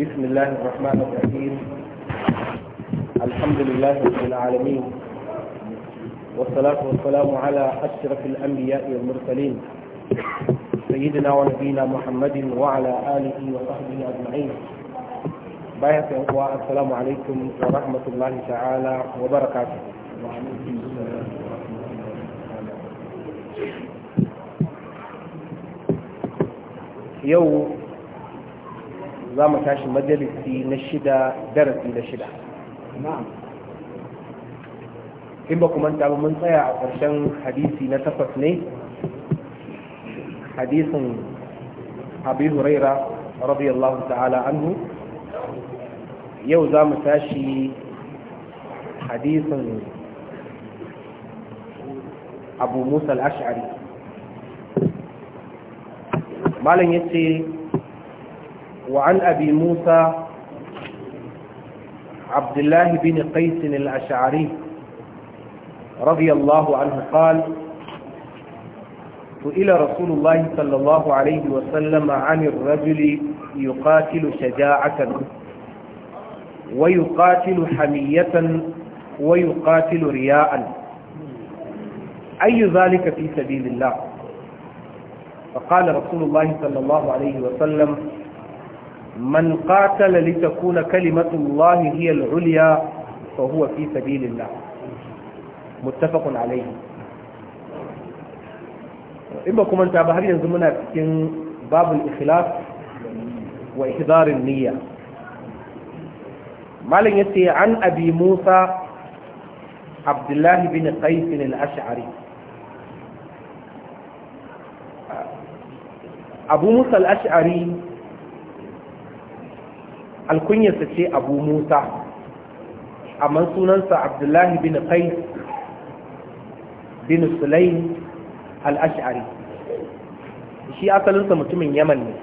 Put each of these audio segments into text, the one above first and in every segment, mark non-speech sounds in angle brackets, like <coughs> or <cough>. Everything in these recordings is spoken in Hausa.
بسم الله الرحمن الرحيم الحمد لله رب العالمين والصلاة والسلام على أشرف الأنبياء والمرسلين سيدنا ونبينا محمد وعلى آله وصحبه أجمعين بايك السلام عليكم ورحمة الله تعالى وبركاته يوم za mu tashi majalisi na shida darasi na shida in ba kuma ba mun tsaya a ƙarshen hadisi na takwas ne hadisin abi huraira radiyallahu ta'ala anhu yau za mu tashi hadisin abu musa al-ash'ari malam yace وعن أبي موسى عبد الله بن قيس الأشعري رضي الله عنه قال سئل رسول الله صلى الله عليه وسلم عن الرجل يقاتل شجاعة ويقاتل حمية ويقاتل رياء أي ذلك في سبيل الله فقال رسول الله صلى الله عليه وسلم man qatala litakuna kalimatullahi hiya al-ulya fa huwa fi sabilillah muttafaqun alayhi in ba kuma ta har yanzu muna cikin babul ikhlas wa ihdarin niyya malam yace an abi musa abdullah bin qais al-ash'ari abu musa ashari alkunyarsa ce abu musa amma sunansa abdullahi bin kai bin Sulai al-ash'ari shi asalinsa mutumin yaman ne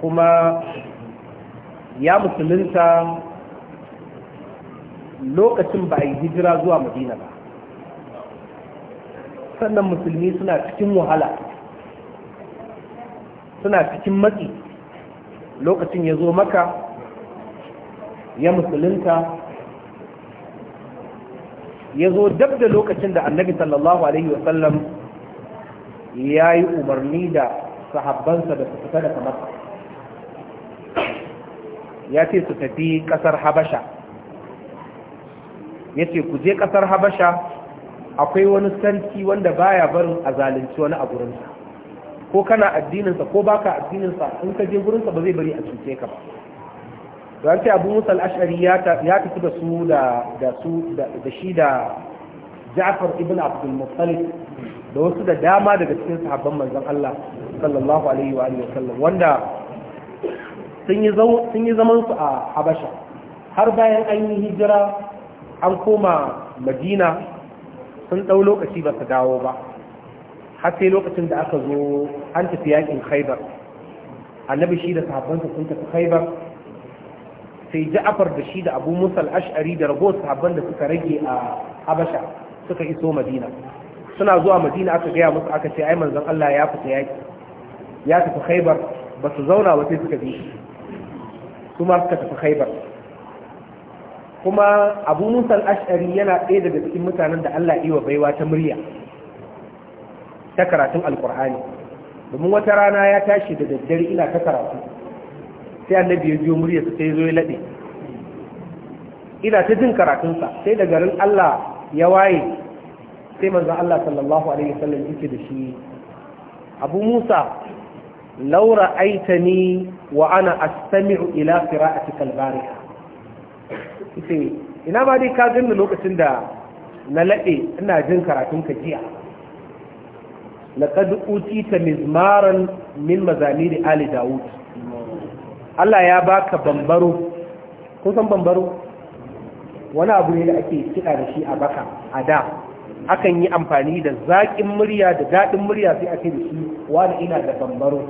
kuma ya musulunta lokacin ba a yi hijira zuwa madina ba sannan musulmi suna cikin wahala suna cikin matsi lokacin ya zo maka ya musulunta ya zo dab da lokacin da annabi sallallahu alaihi wasallam ya yi umarni da sahabbansa da su fita daga maka, ya ce su tafi kasar habasha ya ce ku je kasar habasha akwai wani sarki wanda baya barin a zalunci wani a gurinsa ko kana addininsa ko baka addininsa in ka je gurinsa ba zai bari a cuce ka ba don sai abu musa al'ashari ya tafi da su da su da shi da ja'far ibn abdul muttalib da wasu da dama daga cikin sahabban manzon Allah sallallahu alaihi wa sallam wanda sun yi zaman su a habasha har bayan an yi hijira an koma madina sun ɗau lokaci ba su dawo ba har sai lokacin da aka zo an tafi yakin khaibar annabi shi da sahabbansa sun tafi khaibar sai ja'afar da shi da abu musa al-ash'ari da rago sahabban da suka rage a habasha suka iso madina suna zuwa madina aka gaya musu aka ce ai manzon Allah ya fita yaki ya tafi khaibar ba su zauna ba sai suka bi shi kuma suka tafi khaibar kuma abu musa al-ash'ari yana ɗaya daga cikin mutanen da Allah wa baiwa ta murya ta karatun alkur'ani domin wata rana ya tashi da daddare ina ta karatu sai annabi ya biyo muryarsa sai zo ya laɗe ina ta jin karatunsa sai da garin Allah ya waye sai manzon Allah sallallahu alaihi wasallam yake da shi Abu Musa laura aitani wa ana astami'u ila qira'atikal bariha yace ina ba dai ka ganni lokacin da na laɗe ina jin karatunka jiya لقد أتيت mizmaran من مزامير ali داود Allah ya baka bambaro kun san bambaro wani abu ne da ake kiɗa da shi a baka a da akan yi amfani da zaƙin murya da daɗin murya sai da shi wani ina da bambaro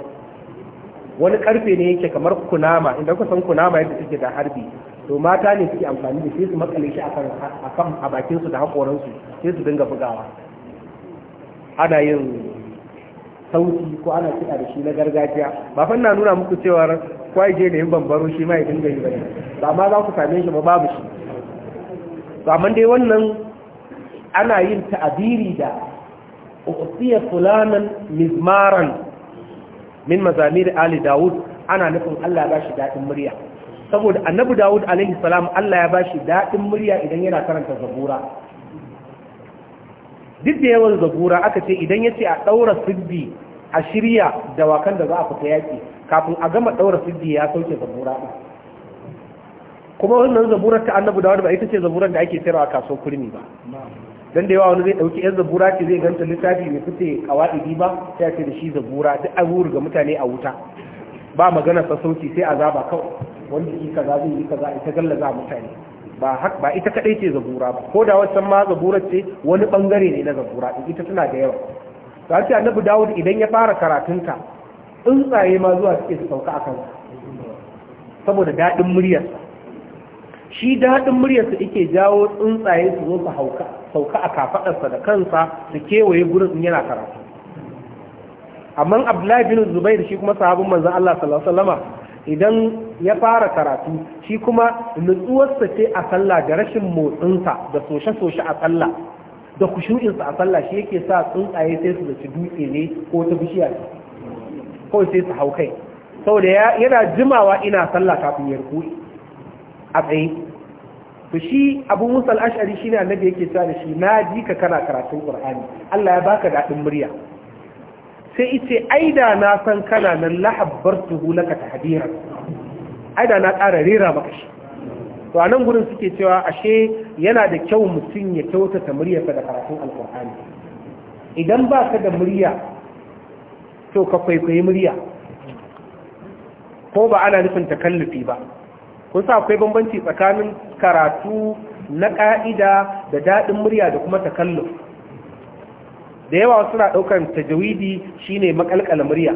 wani karfe ne yake kamar kunama inda kuka san kunama yadda take da harbi to mata ne suke amfani da sai su makale shi akan a bakin su da hakoran su sai su dinga bugawa ana yin sauti ko ana kiɗa da shi na gargajiya ba fa nuna muku cewa kwai je ne yin bambaro shi ma ya dinga yi bane ba ma za ku same shi ba babu shi to amma dai wannan ana yin ta'abiri da uqtiya fulanan mizmaran min mazamir ali daud ana nufin Allah ya bashi dadin murya saboda annabi daud alaihi salam Allah ya bashi dadin murya idan yana karanta zabura duk da yawan zabura aka ce idan ya ce a ɗaura siddi a shirya dawakan da za a fita yaƙi kafin a gama ɗaura siddi ya sauke zabura ɗin kuma wannan zaburar ta annabu da wani ba ita ce zaburar da ake sayarwa a kasuwar kurmi ba dan da yawa wani zai ɗauki yan zabura ce zai ganta littafi mai fice kawaidi ba sai ce da shi zabura duk wuri ga mutane a wuta ba magana sassauci sai azaba kawai wanda yi kaza zai yi kaza ita gallaza mutane ba hak ba ita kadai ce zabura ba ko da wancan ma zabura ce wani bangare ne na zabura din ita tana da yawa to sai annabi Dawud idan ya fara karatunta tsuntsaye ma zuwa suke su sauka akan saboda dadin muryarsa shi dadin muryarsa yake jawo tsuntsaye su zo su hauka sauka a kafadarsa da kansa su kewaye gurin in yana karatu amma Abdullahi bin Zubair shi kuma sahabin manzon Allah sallallahu alaihi wasallama idan ya fara karatu shi kuma nutsuwarsa ce a sallah da rashin motsinsa da soshe-soshe a sallah da kushu'insa a sallah shi yake sa tsuntsaye sai su zaci dutse ne ko ta bishiya ce kawai sai su hau kai saboda yana jimawa ina sallah kafin ya ruku a tsaye to shi abu musa ne shine annabi yake sa da shi na ji ka kana karatun qur'ani Allah ya baka daɗin murya sai ice aida na san kana nan lahabbar tuhu laka tahdira aida na ƙara rera maka shi to a nan gurin suke cewa ashe yana da kyau mutum ya kyautata muryarsa da karatun alkur'ani idan ba ka da murya to ka kwaikwayi murya ko ba ana nufin takallufi ba kun sa akwai bambanci tsakanin karatu na ƙa'ida da daɗin murya da kuma takalluf da yawa suna ɗaukar tajawidi shine makalkal murya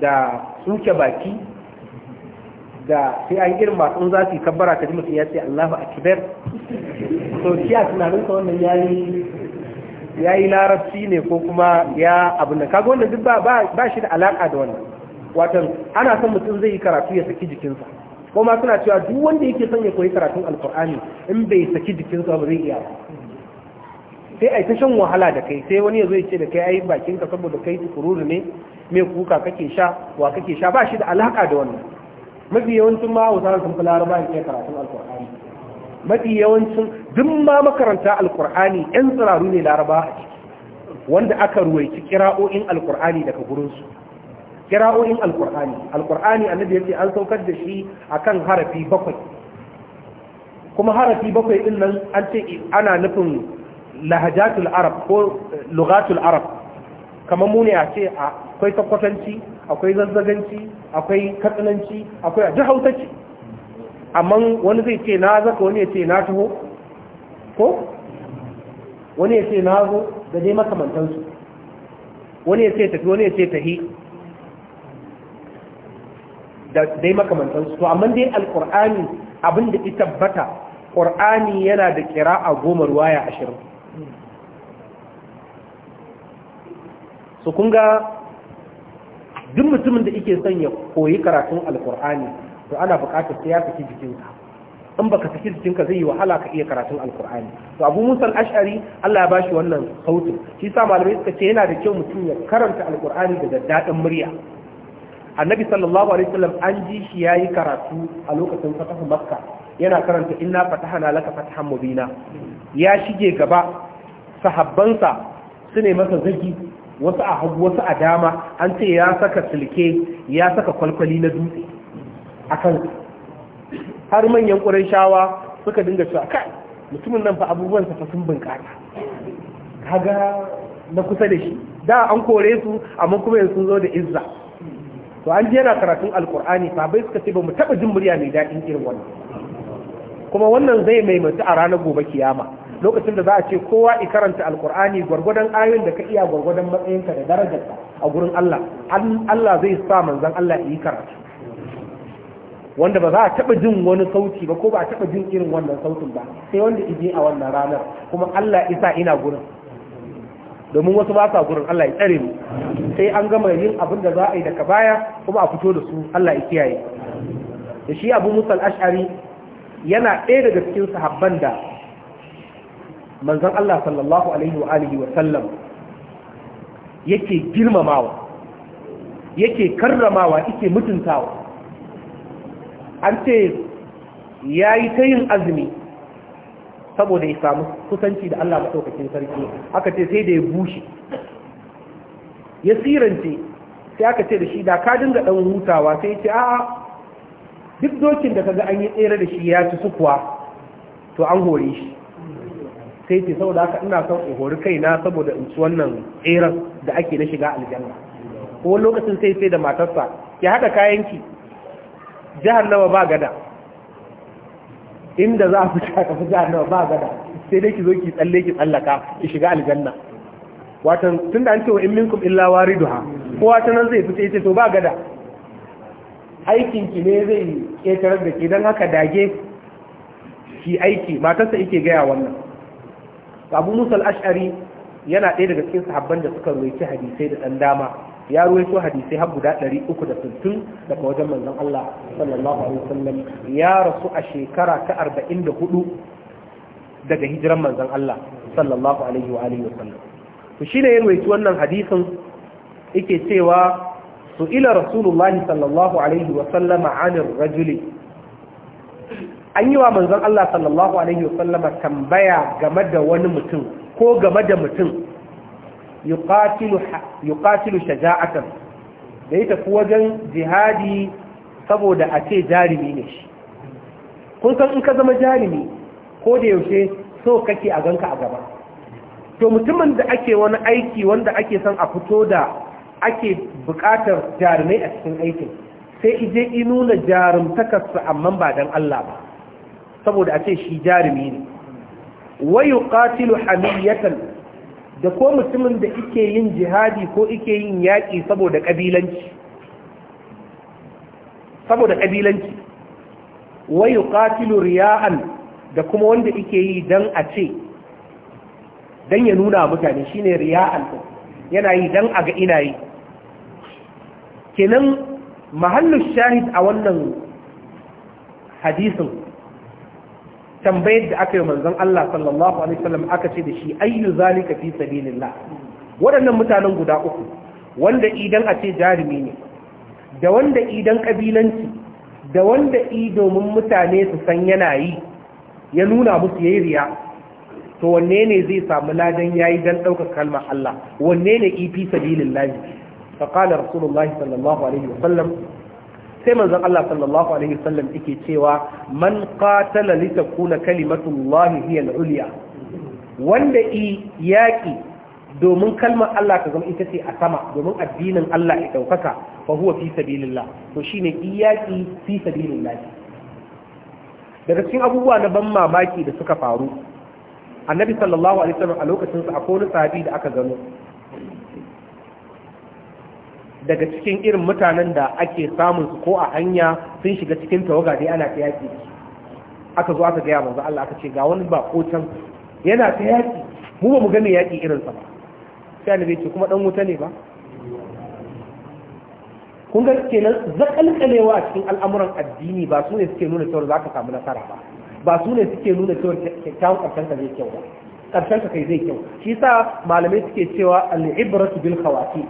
da tsuke baki da sai an irin masu za su yi kabbara ta ji ya ce Allahu akbar so shi a tunanin ka wannan ya yi larabci ne ko kuma ya abu da. kaga wannan duk ba shi da alaka da wannan watan ana son mutum zai yi karatu ya saki jikinsa ko ma suna cewa duk wanda yake son ya koyi karatun alkur'ani in bai saki jikinsa ba zai iya sai ai ta shan wahala da kai sai wani ya zo ya ce da kai ai bakin ka saboda kai tukururu ne me kuka kake sha wa kake sha ba shi da alaka da wannan mafi yawancin ma hausa sun fi laraba ne karatun alkur'ani mafi yawancin duk ma makaranta alkur'ani yan tsiraru ne laraba a ciki wanda aka ruwaici kira'o'in alkur'ani daga gurinsu kira'o'in alkur'ani alkur'ani annabi ya ce an saukar da shi akan harafi bakwai kuma harafi bakwai din nan an ce ana nufin lahajatul arab ko lugatul arab kamar mu ne a ce akwai sakwatanci akwai zazzaganci akwai katsananci akwai a ce. amma wani zai ce na zaka wani ya ce na taho ko wani ya ce na zo da dai makamantansu wani ya ce tafi wani ya ce tahi da dai makamantansu to amma dai alkur'ani abinda ita tabbata ƙur'ani yana da a goma ruwaya ashirin Su kun ga duk mutumin da yake son ya koyi karatun alkur'ani to ana buƙatar sai ya saki jikinsa in baka saki jikinka zai yi wahala ka iya karatun alkur'ani to abu musa ashari Allah ya bashi wannan sautin shi sa malamai suka ce yana da kyau mutum ya karanta alkur'ani da daɗin murya annabi sallallahu alaihi wasallam an ji shi yayi karatu a lokacin fatahu makka yana karanta inna fatahana laka fatahan mubina ya shige gaba sahabbansa su ne masa zagi wasu a hagu wasu a dama an ce ya saka silke ya saka kwalkwali na dutse a kan har manyan ƙuran shawa suka dinga cewa kai mutumin nan fa abubuwan sa sun bunƙasa kaga na kusa da shi da an kore su amma kuma yanzu sun zo da izza to an yana karatun alkur'ani fa bai suka ce ba mu taba jin murya mai daɗin irin wannan kuma wannan zai maimaitu a ranar gobe kiyama lokacin da za a ce kowa i karanta alkur'ani gwargwadon ayoyin da ka iya gwargwadon matsayinka da darajarka a gurin Allah Allah zai sa manzon Allah yi karatu wanda ba za a taba jin wani sauti ba ko ba a taɓa jin irin wannan sautin ba sai wanda ije a wannan ranar kuma Allah isa ina gurin domin wasu ba sa gurin Allah ya tsare mu sai an gama yin abin da za a yi daga baya kuma a fito da su Allah ya kiyaye da shi Abu Musa al-Ash'ari yana ɗaya daga cikin sahabban da manzon Allah sallallahu alaihi wa alihi wa sallam yake girmamawa yake karramawa yake mutuntawa an ce ya yi ta yin azumi saboda ya samu kusanci da Allah matsaukakin sarki aka ce sai da ya bushe ya sirance sai aka ce da shi da ka dinga ɗan hutawa sai ce a'a duk dokin da kaga an yi tsere da shi ya ci sukuwa to an hore shi sai ce saboda haka ina son in hori kaina saboda in ci wannan tseren da ake na shiga aljanna ko lokacin sai sai da matarsa ki haɗa kayanki nawa ba gada inda za a fi shaka fi nawa ba gada sai dai ki zo ki tsalle ki tsallaka ki shiga aljanna watan tun da an ce wa in minkum illa wariduha ko ta nan zai fita ce to ba gada aikin ki ne zai ƙetarar da ke don haka dage ki aiki matarsa yake gaya wannan abu musa al yana ɗaya daga cikin sahabban da suka ruwaici hadisai da ɗan dama ya ruwaito hadisai har guda ɗari uku da 360 daga wajen manzon Allah sallallahu alaihi wasallam ya rasu a shekara ta hudu daga hijiran manzon Allah sallallahu alaihi wa alihi wasallam to shine ya ruwaito wannan hadisin yake cewa su ila rasulullahi sallallahu alaihi wasallama anir rajuli an yi wa manzon Allah sallallahu alaihi wasallama tambaya game da wani mutum ko game da mutum yuqatilu shaja'atan da ya tafi wajen jihadi saboda a ce jarumi ne shi kun san in ka zama jarumi ko da yaushe so kake a ganka a gaba to mutumin da ake wani aiki wanda ake son a fito da ake bukatar jarumai a cikin aikin sai ije i nuna jarumtakarsa amma ba don Allah ba saboda a ce shi jarumi ne wayu qatilu hamiyatan da ko mutumin da ike yin jihadi ko ike yin yaƙi saboda ƙabilanci saboda ƙabilanci wayu qatilu riya'an da kuma wanda ike yi dan a ce dan ya nuna mutane shine riya'an yana yi dan a ga ina yi kenan mahallu shahid a wannan hadisin tambayar da aka yi manzon Allah sallallahu alaihi wasallam aka ce da shi ayyu zalika fi sabilillah waɗannan mutanen guda uku wanda idan a ce jarumi ne da wanda idan kabilanci da wanda i domin mutane su san yana yi ya nuna musu yayi riya to wanne ne zai samu ladan yayi dan ɗaukar kalmar Allah wanne ne ifi sabilillah fa rasulullahi sallallahu alaihi wasallam sai manzon Allah sallallahu alaihi wasallam yake cewa man qatala li takuna kalimatullahi hiya al-ulya wanda i yaki domin kalmar Allah ta zama ita ce a sama domin addinin Allah ya daukaka fa huwa fi sabilillah to shine iyaki fi sabilillah daga cikin abubuwa na ban mamaki da suka faru annabi sallallahu alaihi wasallam a lokacin sa akwai wani sahabi da aka gano daga cikin irin mutanen da ake samun su ko a hanya sun shiga cikin tawaga dai ana ta yaki aka zo aka gaya manzo Allah aka ce ga wani bako can yana ta yaki mu ba mu ga mai yaki irin sa ba sai annabi ce kuma dan wuta ne ba kun ga kenan zakalkalewa a cikin al'amuran addini ba su ne suke nuna cewa za ka samu nasara ba ba su ne suke nuna cewa kyakkyawan ƙarshen ka zai kyau ba Ƙarshen ka kai zai kyau shi sa malamai suke cewa al'ibratu bil khawati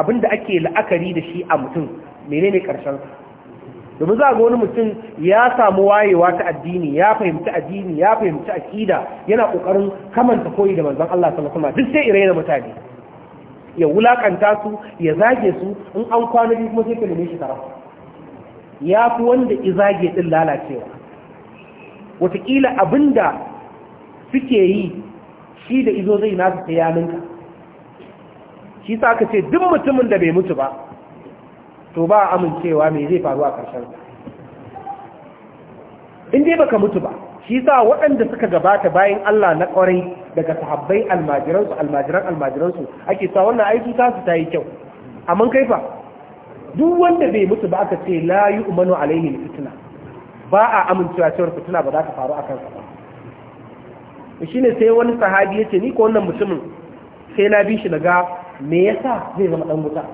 Abin da ake la'akari da shi a mutum menene karshen domin za a ga wani mutum ya samu wayewa ta addini ya fahimci addini ya fahimci aƙida yana kokarin kamanta koyi da manzon Allah sallallahu alaihi wasallam duk sai ire da mutane ya wulakanta su ya zage su in an kwana biyu kuma sai ka neme shi tara ya fi wanda zage din lalacewa wataƙila da suke yi shi da izo zai nasu ta yaninka shi sa aka ce duk mutumin da bai mutu ba to ba amincewa me zai faru a ƙarshen in dai baka mutu ba shi sa waɗanda suka gabata bayan Allah na ƙwarai daga sahabbai almajiransu almajiran almajiransu ake sa wannan aiki ta su ta yi kyau amma kai fa duk wanda bai mutu ba aka ce la a alaihi fitina. ba a amincewa cewar fitina ba za ka faru a kansa ba shi ne sai wani sahabi ya ce ni ko wannan mutumin sai na bi shi na ga me yasa zai zama dan wuta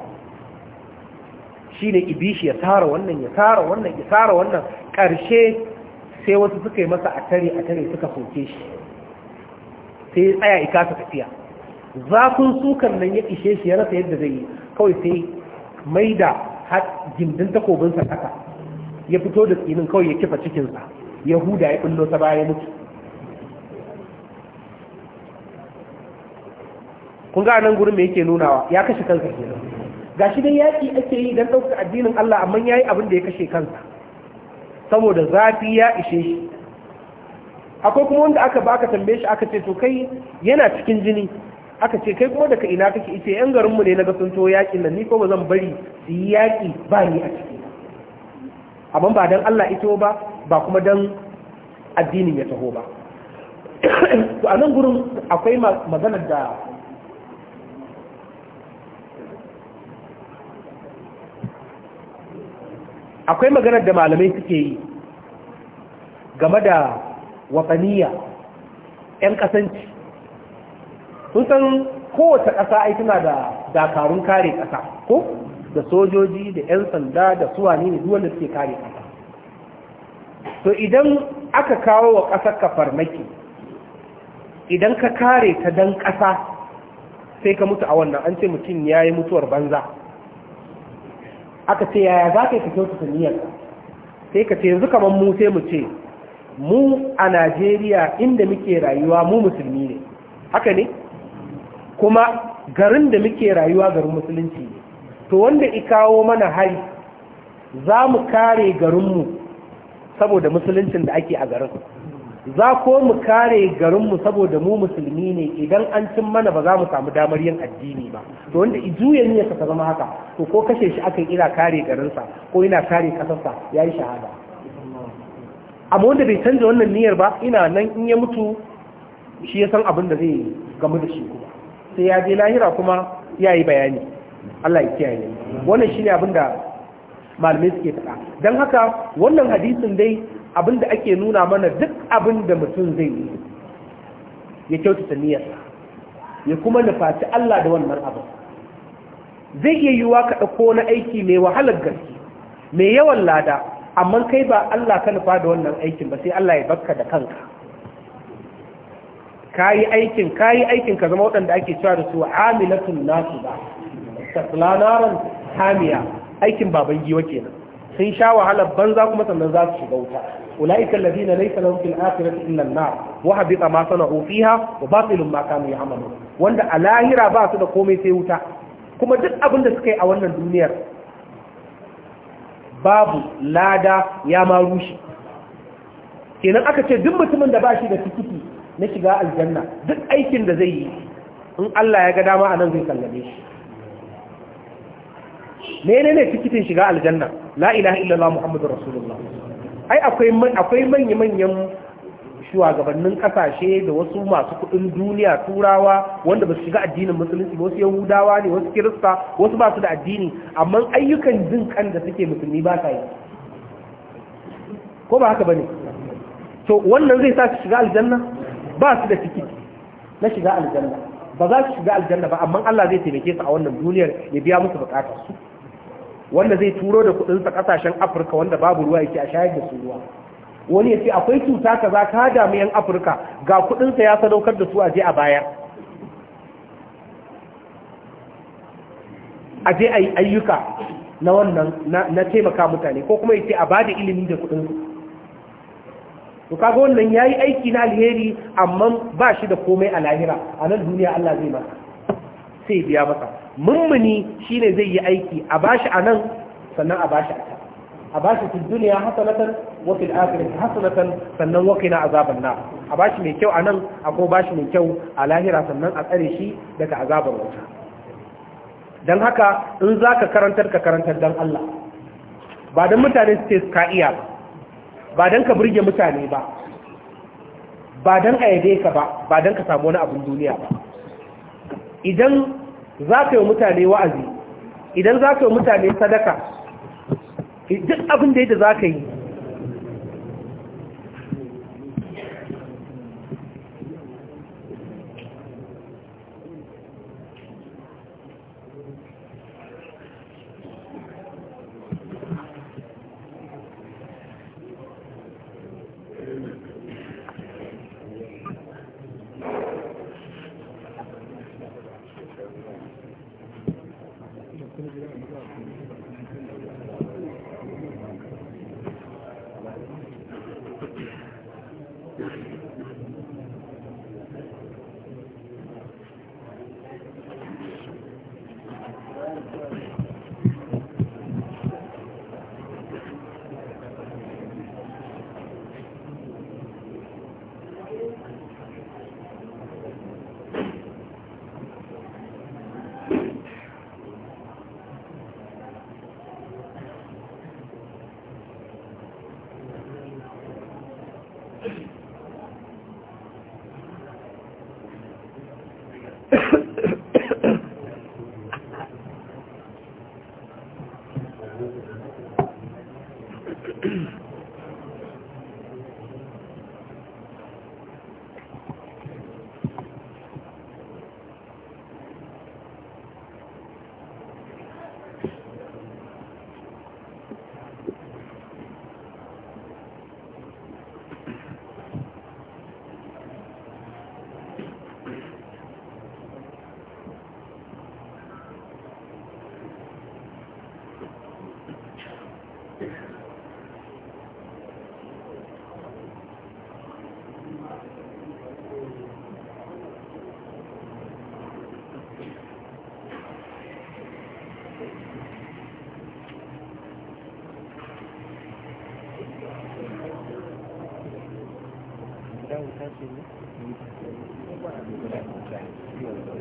shine ibishi ya tara wannan ya tara wannan ya tara wannan karshe sai wasu suka yi masa atare atare suka soke shi sai tsaya ika ta tafiya zafin sukan nan ya ishe shi ya rasa yadda zai yi kawai sai maida har gindin takobinsa kasa ya fito da tsinin kawai ya kifa cikinsa yahuda ya bullo ta baya mutu kun ga nan gurin me yake nunawa ya kashe kansa Ga shi dai yaki ake yi dan ɗaukar addinin Allah amma yayi abin da ya kashe kansa saboda zafi ya ishe shi akwai kuma wanda aka ba aka tambaye shi aka ce to kai yana cikin jini aka ce kai kuma daga ina kake ita yan garinmu ne na ga sun to yakin nan ni ko ba zan bari su yi yaki ba ni a ciki amma ba dan Allah ito ba ba kuma dan addinin ya taho ba <coughs> to a nan gurin akwai maganar da akwai maganar da malamai suke yi game da wataniya 'yan kasanci sun san kowace ƙasa ai tana da dakarun kare ƙasa ko da sojoji da 'yan sanda da suwani ne duwanda suke kare ƙasa to idan aka kawo wa ƙasar ka farmaki idan ka kare ta dan ƙasa sai ka mutu a wannan an ce mutum ya yi mutuwar banza aka ce yaya za ka yi kyautu kyautata sai ka ce yanzu kamar mu sai mu ce mu a Najeriya inda muke rayuwa mu musulmi ne haka ne kuma garin da muke rayuwa garin musulunci ne to wanda i kawo mana hari za mu kare garinmu saboda musuluncin da ake a garin za ko mu kare garinmu saboda mu musulmi ne idan an cin mana ba za mu samu damar yin addini ba to wanda ijuya ne ka zama haka to ko kashe shi akan ina kare garinsa ko ina kare kasarsa ya yi shahada amma wanda bai canza wannan niyyar ba ina nan in ya mutu shi ya san abin da zai gamu da shi kuma sai ya je lahira kuma ya yi bayani Allah ya kiyaye wannan shine abin da malamai suke faɗa don haka wannan hadisin dai da ake nuna mana duk abinda mutum zai yi ya kyautata niyyar ya kuma nufaci Allah da wannan abin zai iya yiwuwa ka ɗauko na aiki mai wahalar gaske mai yawan lada amma kai ba Allah ka nufa da wannan aikin ba sai Allah ya bakka da kanka yi aikin kayi aikin ka zama waɗanda ake cewa da su amilatun nasu ba tasla hamiya aikin baban giwa kenan sun sha wahalar banza kuma sannan za su shiga wuta ulaika alladhina laysa lahum fil akhirati illa an-nar wa habita ma sana'u fiha wa batilun ma kanu ya'malun wanda a lahira ba su da komai sai wuta kuma duk abin da suka yi a wannan duniyar babu lada ya ma rushe kenan aka ce duk mutumin da ba shi da tikiti na shiga aljanna duk aikin da zai yi in Allah ya ga dama a nan zai sallame shi menene tikitin shiga aljanna la ilaha illallah muhammadur rasulullah ai akwai manya-manyan shugabannin kasashe da wasu masu kudin duniya turawa wanda ba su shiga addinin musulunci wasu yahudawa ne wasu kirista wasu ba su da addini amma ayyukan jin kan da suke musulmi ba ta yi ko ba haka ba ne to wannan zai sa su shiga aljanna ba su da tikiti na shiga aljanna ba za su shiga aljanna ba amma Allah zai taimake su a wannan duniyar ya biya musu bukatar su wanda zai turo da kudinsa kasashen afirka wanda babu ruwa yake a shayar da su ruwa wani ya ce akwai cuta za ka damu yan afirka ga kudinsa ya sadaukar da su a je a bayar a je a yi ayyuka na wannan na taimaka mutane ko kuma ya ce a ba da ilimi da kudinsu to kaga wannan ya yi aiki na alheri amma ba shi da komai a lahira a nan duniya allah zai masa sai biya masa mummuni shine zai yi aiki a bashi a nan sannan a bashi a can a bashi fil duniya hasanatan wakil fil hasanatan sannan wakil na azaban na, a bashi mai kyau a nan a ko bashi mai kyau a lahira sannan a tsare shi daga azabar wuta Don haka in za ka karantar ka karantar don Allah ba don mutane su ce ka iya ba don ka burge mutane ba ba don a yade ka ba ba don ka samu wani abin duniya ba idan za ka yi mutane wa'azi idan za ka yi mutane sadaka duk abin da yadda za ka yi Thank you.